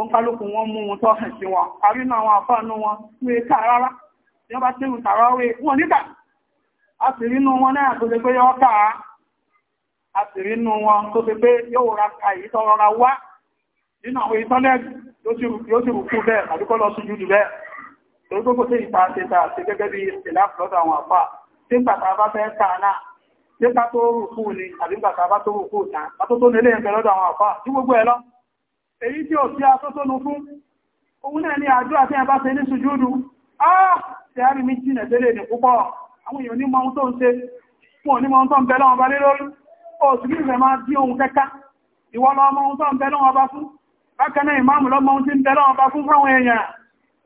ọ̀nkálùkù wọn mú wọn tọ́ sí wọn a sì náà tó ṣe wọn tó ṣe rùkú bẹ́ẹ̀ àdúkọ́ lọ sí jù bẹ́ẹ̀ tó gbogbo sí ìta àtẹta àti gẹ́gẹ́ bí ìsìlá lọ́dọ̀ àwọn àpá tí bàtà bá fẹ́ ta náà tí bá tó rù kú ni àbí bàtà bá tó rù kú tán bá tó nílé ẹ̀fẹ́ lọ́dọ̀ àwọn àpá tí gbogbo ẹ̀ lọ èyí tí ò sí atótónu fún òun náà ni àjọ àti ẹ̀bá ṣe ní sùjúdù bákan náà ìmáàmù lọ́mọ ohun ń bẹ lọ́wọ́ fún fáwọn èèyàn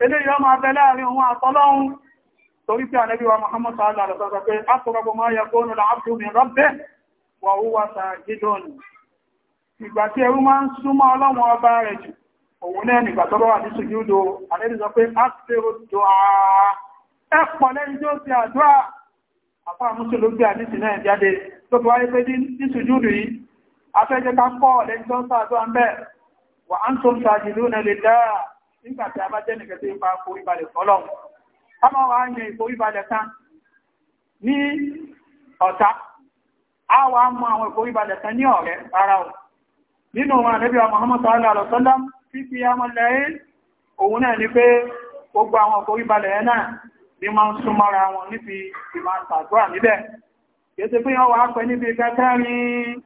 eléyìí ọmọ abẹ láàrin òun àtọ́lọ́run torí pé ànẹ́bí wa Muhammad sallallahu alaihi wasallam pé aqrabu ma yakunu al-abdu min rabbihi wa huwa sajidun ìgbà tí ẹrú máa ń súnmọ́ ọlọ́run ọba rẹ̀ jù òun náà nígbà tó bá wà ní sùjúdù ànẹ́bí nígbà tí a bá jẹ́ nìkan tí ń pa foríbalẹ̀ fọ́lọ́run ọmọ wa ń yẹ ìforíbalẹ̀ kan ní ọ̀tá a wá mọ àwọn ìforíbalẹ̀ kan ní ọ̀rẹ́ rárá o nínú wọn àdébí wa Muhammad sallallahu alaihi wasallam fífi ọmọ lẹ́yìn òun náà ni pé gbogbo àwọn ìforíbalẹ̀ ẹ̀ náà ní máa ń súnmọ́ra wọn níbi ìmọ̀ àtàdúrà níbẹ̀ kèsè pé wọ́n wà pẹ́ níbi kẹtẹ́rin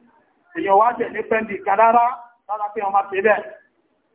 èèyàn wá tẹ̀lé pẹ́ndì kadára lára pé wọ́n máa pè bẹ́ẹ̀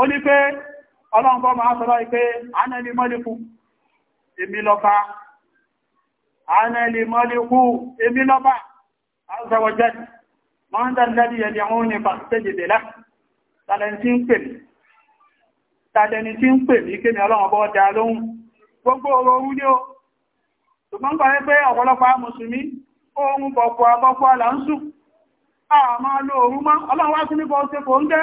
ó ní pé ọlọ́nkọ́ máa sọ́rọ̀ pé anẹ́lì mọ́lẹ́kù èmi lọ́ba anẹ́lì mọ́lẹ́kù èmi lọ́ba azọ́wọ́jẹ́ mọ́ndàlẹ́dì yẹ̀dì àwọn onípa tẹ́jẹ̀dẹ̀lá tàlẹ́ntí ń pè mí tàlẹ́ni tí ń pè mí kí ni ọlọ́run bọ́ dá lóhun gbogbo oorun ní o ṣùgbọ́n gbà pé ọ̀pọ̀lọpọ̀ mùsùlùmí oorun bọ̀pọ̀ àbọ́pọ̀ àlà ń sùn àmà lóorun mọ́ ọlọ́run wá sí nípa ó ṣe kò ń jẹ́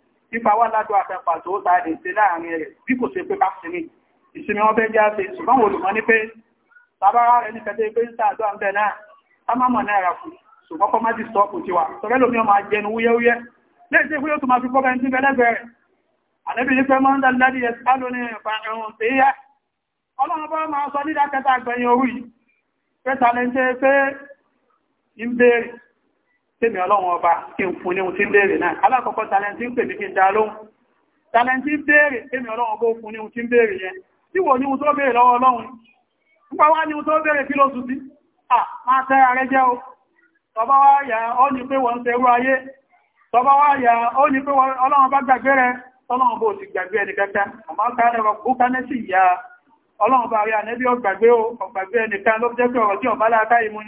nípa wá ládọ́ àtẹ́pà tó ta lè ṣe láàrin rẹ̀ bí kò ṣe pé ká sinmi ìsinmi wọn fẹ́ já ṣe ṣùgbọ́n olùmọ́ ní pé sábára rẹ̀ ní kẹtẹ́ pé ń sàádọ́ àmì bẹ́ẹ̀ náà a máa mọ̀ náírà fún ṣùgbọ́n kọ́ má ti sọ́ọ̀pù ti wà sọ̀rẹ́ lómi ọmọ ajẹnu wúyẹ́wúyẹ́ lẹ́yìn tèmi ọlọ́run ọba kí n fún ní ohun tí ń béèrè náà alákọ̀ọ́kọ́ talenti ń pè mí kí n dá lóhun talenti ń béèrè tèmi ọlọ́run ọba fún ní ohun tí ń béèrè yẹn tí wò ní tó béèrè lọ́wọ́ ọlọ́run nípa wá ní tó béèrè kí ló sí à máa tẹ́ ara jẹ́ o tọba wá yà ọ́ ní pé wọ́n ń ayé tọba wá ọlọ́run bá gbàgbé rẹ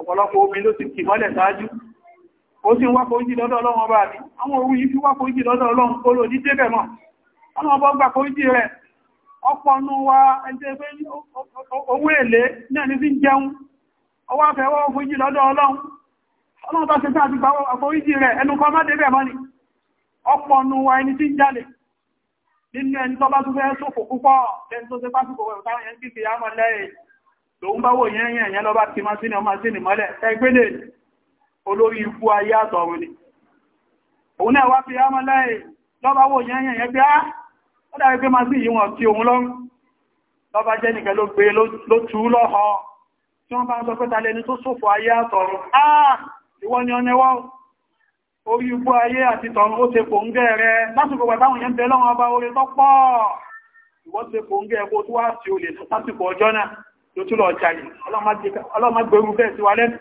ọ̀pọ̀lọpọ̀ omi ló ti kì mọ́lẹ̀ sáájú ó sì ń wákò ìjì lọ́dọ̀ ọlọ́run ọba àti àwọn orú yìí fi wákò ìjì lọ́dọ̀ ọlọ́run kó lò ní débẹ̀ mọ́ ọlọ́run ọba gbàkó nínú ẹni tó bá tún fẹ́ sófò púpọ̀ lẹ́ni tó ṣe pásìkò rẹ̀ táwọn yẹn ń gbìyànjú tó ń bá wò yẹn yẹn yẹn lọ bá ti máa sínú ọmọ sínú mọ́lẹ̀ ẹgbẹ́lẹ̀ olórí ikú ayé àtọ̀run ni òun náà wá fi ámọ́ láì lọ́bá wò yẹn yẹn yẹn gbá ah! ó dárí pé máa sí ìwọ̀n tí òun lọ́rùn lọ́bá jẹ́ nìkan ló gbé ló tú lọ́họ tí wọ́n bá ń sọ pé ta lẹni tó ṣòfò ayé àtọ̀run áà ah! ìwọ ni ọnẹwọ́ orí ikú ayé àti tọ̀run ó ṣe pò ń gẹ́ẹ̀rẹ́ lásìkò bàbá àwọn yẹn bẹ lọ́wọ́ ọba orin tọ́pọ̀ ìwọ́n ṣe pò ń gẹ́ẹ̀ kó tó wá sí olè lásìkò ọjọ́ náà lótú lọ jalè ọlọ́mà gbèrú bẹ́ẹ̀ sí wa lẹ́nu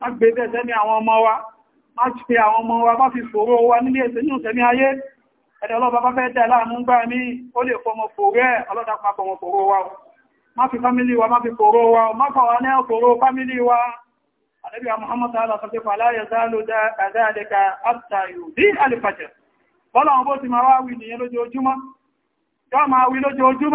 má gbé bẹ́ẹ̀ sẹ́ni àwọn ọmọ wa má pe àwọn ọmọ wa má fi fòró wa nílé ẹ̀sẹ̀ ní òsẹ̀mí ayé ẹ̀dẹ̀ ọlọ́ba bá fẹ́ tẹ́ láàánú gbá ní ó lè fọmọ fòró ẹ̀ ọlọ́dàpá fọmọ fòró wa má fi fámílì wa má fi fòró wa má fà wá ní ọ̀fòró fámílì wa àdẹ́bí Muhammad sallá sọ pé fàlá yẹ sáàlù dá àdá àdẹ́ka àtà yóò bí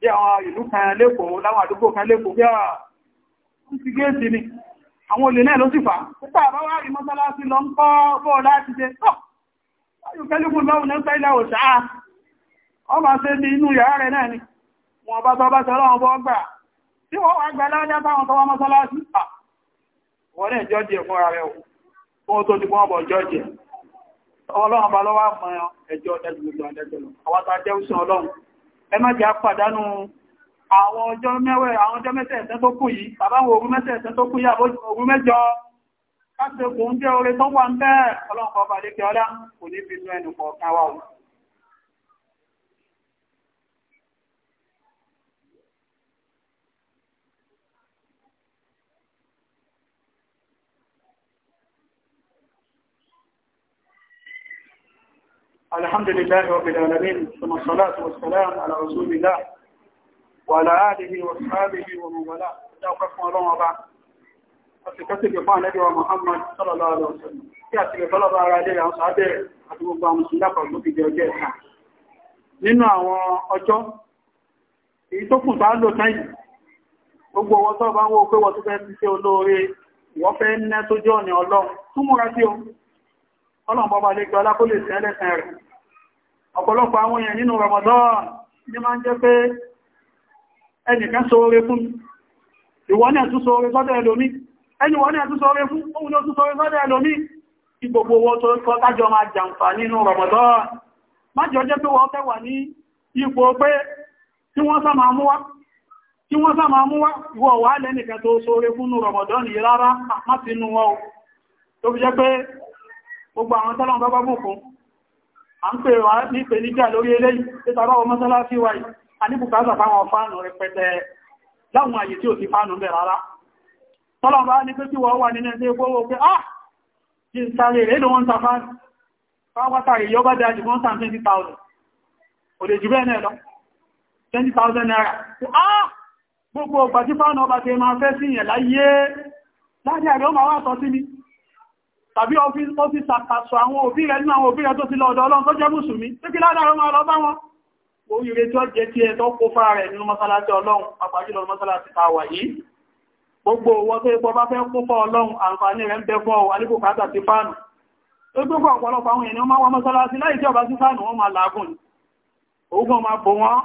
bí àwọn ìlú kan lẹ́kọ̀ọ́ láwọn àdúgbò kan lẹ́kọ̀ọ́ bí àwọn ti géèsì ni àwọn olè náà ló sì fà púpà bá lọ ń kọ́ lọ́wọ́ ọ máa ṣe ní inú yàrá rẹ̀ náà ni wọ́n bá bá tọ́ lọ́wọ́ tí wọ́n wá gbà lájá táwọn tọwọ́ mọ́sálásí rẹ̀ ti ẹ má jẹ́ àpàdánù àwọn ọjọ́ mẹ́wẹ́ àwọn ọjọ́ mẹ́sẹ̀ẹ̀sẹ́ tó kù yìí tàbáwọn òru mẹ́sẹ̀ẹ̀sẹ́ tó kù yìí òru mẹ́jọ káṣẹ́kùn jẹ́ oore tó wà ń bẹ́ẹ̀ ọlọ́pàá balẹ̀ kí ọlá kò ní fi nú ẹnu kọ̀ọ̀kan wa الحمد لله رب العالمين ثم الصلاة والسلام على رسول الله وعلى آله وأصحابه ومن والاه لا أقسم الله وبعد أتكتب فعن نبي محمد صلى الله عليه وسلم يأتي طلب على يدي عن صحابه أتبقى بها مسلمة فالمبي جوجه nínú àwọn ọjọ́ èyí tó kù tá lò tẹ́yìn gbogbo ọwọ́ tó bá ń wó pé wọ́n tó fẹ́ ti ṣe olóore ìwọ́fẹ́ ń ná tó jọ́ ọ̀nà ọlọ́run túnmúra sí ohun ọlọ́pàá lè gbọ́lá kó lè sẹ́lẹ̀sẹ̀ rẹ̀ ọ̀pọ̀lọpọ̀ àwọn èèyàn nínú Ramadan ní máa ń jẹ́ pé ẹnìkan ṣoore fún ìwọ náà tún ṣoore sọ́dọ̀ ẹlòmí ẹni wọ́n náà tún ṣoore fún òun ló tún ṣoore sọ́dọ̀ ẹlòmí kí gbogbo owó tó kọ́ tájọ máa jàǹfà nínú Ramadan má jọ jẹ́ pé wọ́n fẹ́ wà ní ipò pé tí wọ́n sá máa mú wá tí wọ́n sá máa mú wá ìwọ wà lẹ́nìkan tó ṣoore fún Ramadan yìí rárá má sínú wọn tó fi jẹ́ pé gbogbo àwọn tọ́lọ̀ bá bá bùkún a ń pè wá ní ìpèníjà lórí eléyìí títà bá wọn mọ́sálásí wáyìí a ní bùkátà fáwọn fánù rẹpẹtẹ láwọn àyè tí ò sí fánù bẹ̀ rárá tọ́lọ̀ bá ní pé tí wọ́n wà nínú ẹgbẹ́ gbówó pé ah jí ń sáré rẹ̀ ló wọ́n ta fánù pápátá ìyọ́ bá dájú wọ́n sàn 20,000 ah gbogbo ọgbà tí fánù ọba ti máa fẹ́ sí ìyẹ̀ láyé láti àgbẹ̀ ó tàbí ọ́fíìsà kàṣọ àwọn òbí rẹ̀ nínú àwọn òbí rẹ̀ tó ti lọ ọ̀dọ̀ ọlọ́run tó jẹ́ mùsùlùmí tó kí ládàá ọmọ ọlọ́bá wọn oríire tó jẹ tí ẹ tó kó fara rẹ̀ nínú mọ́sálásí ọlọ́run pàpàjùlọ mọ́sálásí ta wà yìí gbogbo owó tó ipò bá fẹ́ kó fọ́ ọlọ́run àǹfààní rẹ̀ ń bẹ fọ́ alíkò kàtà ti fánù tó gbogbo ọ̀pọ̀lọpọ̀ àwọn ènìyàn máa wá mọ́sálásí láì tí ọba sí fánù wọn máa làágùn ogun máa bò wọn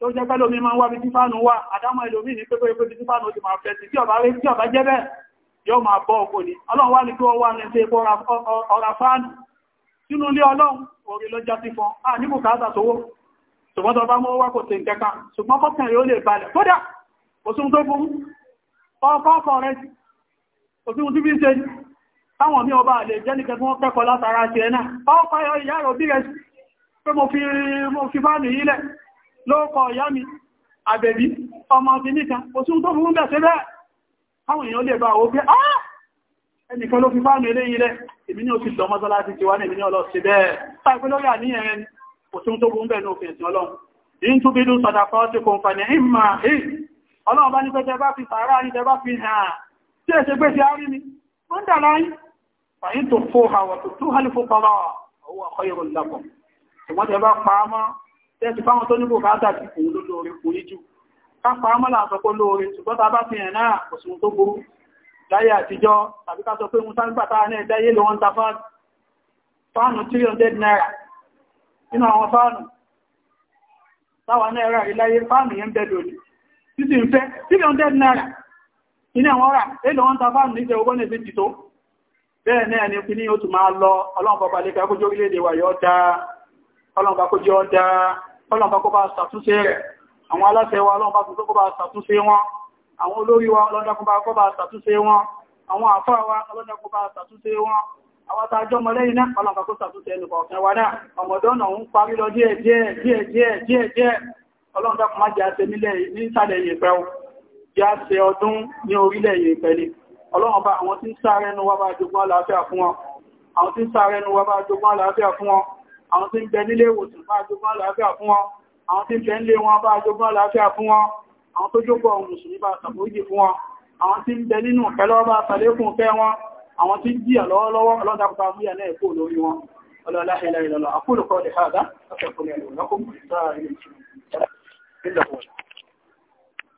tó jẹ́ pẹ́lómi máa wá bí tí fánù wà àdámọ́ ẹlòmí ní pẹ́pẹ́ pé tí fánù ti máa fẹ́ sí tí ọba jẹ́ bẹ́ẹ̀ yóò máa bọ́ ọkọ̀ ní ọlọ́run wá ní kí wọ́n wá ní ṣe ipò ọ̀rà fáànù sínú ilé ọlọ́run orí lọ́jà sí fún a ní bùkátà sówó ṣùgbọ́n tó bá mọ́ wá kò tẹ̀ ìjẹka ṣùgbọ́n fọ́kàn yóò lè balẹ̀ kódà òsùn tó burú ọkọ̀ rẹ̀ òsùn tí bí ṣe táwọn mí ọba àlè jẹ́ nìkẹ́ fún kẹ́kọ̀ọ́ látara ti ẹ̀ náà ọkọ̀ ìyá rẹ̀ òbí rẹ̀ pé mo fi fáànù yílẹ̀ lóòkọ̀ ìyá mi àbẹ̀bí ọmọ ti níkan òsùn tó burú bẹ̀ sí bẹ́ẹ̀ káwọn èèyàn lè bá owó pé ah ẹnìkan ló fi fáàmì eléyìí rẹ̀ èmi ní ó ti lọ mọ́sálásí ti wá ní èmi ní ọlọ́ sí bẹ́ẹ̀ táìpé lórí àníyàn ẹni kò tún tó gún bẹ́ẹ̀ ní òfin ẹ̀sìn ọlọ́run in tó bínú sọ̀dà fọ́ọ̀tí kò ń fa ní ìmà èyí ọlọ́run bá ní pé tẹbá fi sàárà ní tẹbá fi hàn tí èsè pé ti árí mi wọ́n dà láyín fàyín tó fó àwọ̀ tó tó hálì fó pọ́lọ́ owó ọkọ̀ yóò lápọ̀ ṣùgbọ́n kò ní jù kápa mọ́lá àsọpọ̀ lóore ṣùgbọ́n ta bá fi hàn náà kò sí tó burú láyé àtijọ́ tàbí ká sọ pé mú sáńgbàtà náà dáyé lọ wọ́n ta fáànù 300 naira nínú àwọn fáànù táwà náà rà iláyé fáànù yẹn bẹ̀rẹ̀ òní títí ń fẹ́ 300 naira inú àwọn rà èlò wọ́n ta fáànù níjẹ́ ogún ní fíjì tó bẹ́ẹ̀ náà ni kìíní ó tún máa lọ ọlọ́mọ̀bà lè kẹ́kọ́ jórílẹ̀-èdè wà yọ́ dáa ọlọ́mọ̀bà kó jẹ́ ọ́ dáa ọlọ́mọ̀bà kó bá ṣàtúnṣe rẹ̀ àwọn aláṣẹ wa lọ́nà bá tún tó bá ṣàtúnṣe wọn àwọn olórí wa ọlọ́dàkùnbá kọ́ bá ṣàtúnṣe wọn àwọn àfáà wa ọlọ́dàkùnbá ṣàtúnṣe wọn àwọn tàjọ́ mọ́lẹ́yìn náà ọlọ́nà kó ṣàtúnṣe ẹnu kọ̀ọ̀kan wa náà ọmọdọ́ náà ń parí lọ díẹ̀ díẹ̀ díẹ̀ díẹ̀ díẹ̀ díẹ̀ ọlọ́dàkùn má jẹ́ àṣẹ nílẹ̀ ní ìsàlẹ̀ yẹ̀pẹ̀ o jẹ́ àṣẹ ọdún ní orílẹ̀ yẹ̀pẹ̀ ni ọlọ́run bá àwọn tí ń sáré ẹnu wá bá jogún àlàáfíà fún wọn àwọn tí ń sáré ẹnu wá bá jogún àlàáfíà fún wọn àwọn tí ń bẹ nílé ìwòsàn bá jogún àlàáfíà fún wọn àwọn tí ń bẹ ń lé wọn bá jogún àlàáfíà fún wọn àwọn tó jókòó ọ̀hún bá ṣàforíjì fún wọn àwọn tí ń bẹ nínú ìpẹ́lọ́ bá ṣàlékún fẹ́ wọn àwọn tí ń jíyà lọ́wọ́lọ́wọ́ ọlọ́dàkùnfà múyà náà kó lórí wọn ọlọ́lá ìlà ìlọ́lọ́ àkúlùkọ́